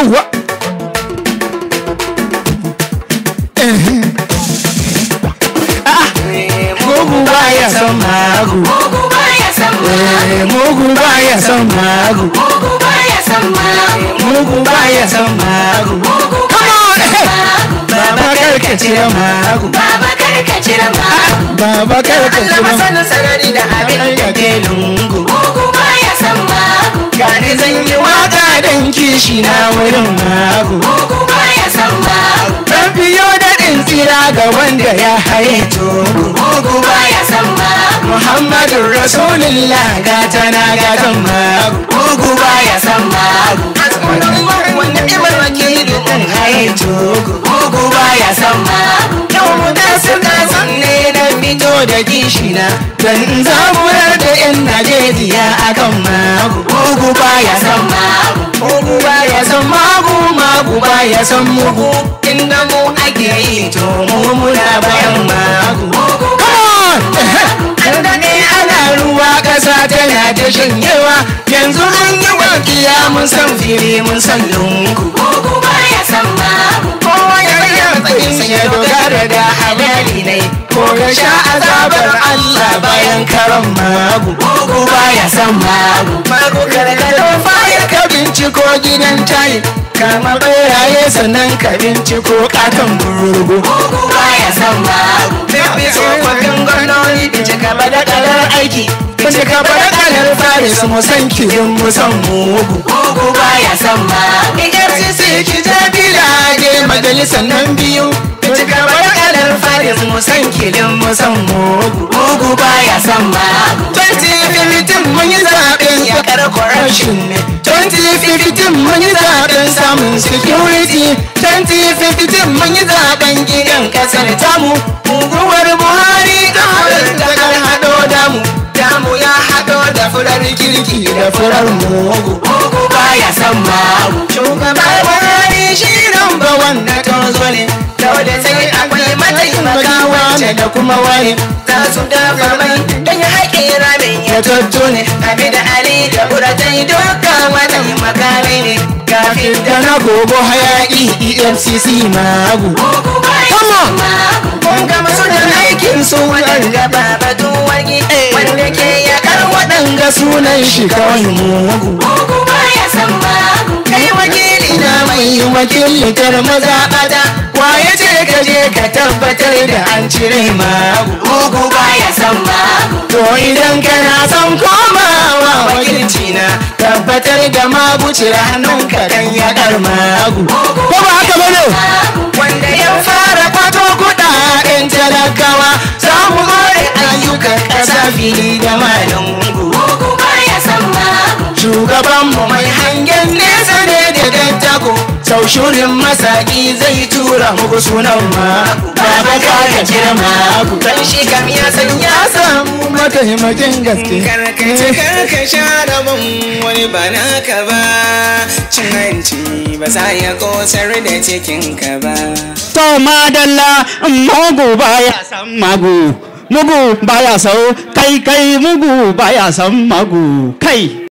yawwa ah, mugu san magu mugu eh, magu baba cire magu baba shi na wurin mago Mugu ya san mago Dan biyo daɗin tsira ga wanda ya haye to Mugu ya san mago Muhammadun Rasulullah ta na ga gatan mago Mugu ya san mago Wanda imar wake yi domin haye to Mugu ya san mago Yau mu da suka san ne na fito da gishina Dan zamurar da 'yan Najeriya akan mago Mugu ya san abu ba ya san mugu inda mu ake yi to mu muna bayan magu an daɗe ana ruwa ƙasa tana ta shanyewa yanzu an yi wakiya mun san fili mun san lungu mugu ba ya san magu kowa ya rayar tsakin sanya dogara da halali ne ko ya sha azabar Allah bayan karon magu mugu ba ya san magu magu karkaro fayar ka binciko gidan tayi kama beraye sannan ka ko katon burgu baya san ni bi tsofaffin gwamnoni da badakalar aiki bincika fare su mu san kirin mu san mugu mugu baya san babu efcc ki jabila ge majalisan nan biyu bincika fare su mu san kirin mu san mugu mugu baya san fi 2015 mun yi zaɓen yakar corruption ne 2015 mun yi zaben samun security 2015 mun yi zaben gidan kasar tamu unguwar buhari ta haɗar haɗo damu damu ya haɗo da furar kirki da furar mugu mugu ba ya san mawu shugaba buhari shi wanda ta zo ne dole sai akwai mataimaka wacce da kuma waye za su dafa mai don ya haɗe gogo hayaki EFCC magu Kama Kunga masunan aikin su wadanda baba duwagi eh. Wanda ke yakar wadanga sunan shi kawai mugu ba ya san magu Kai wakili na mai wakilitar mazaɓata Waye ce ka je ka tabbatar da an cire magu Mugu ya san magu To idan kana son komawa wakilci na Tabbatar da magu cire hannunka dan ya ko ba haka ba ne wanda ya fara kwato kudaden talakawa ƙasa fili mai hangen nesa ne da dattako sau masaki zai tura muku sunan ma Ba ka kira ma kan mataimakin gaske karkace eh. karka share mun wani ba naka ba cin hanci ba za ya kosar da cikinka ba to madalla mugu baya san magu mugu baya sau kai kai mugu baya san magu kai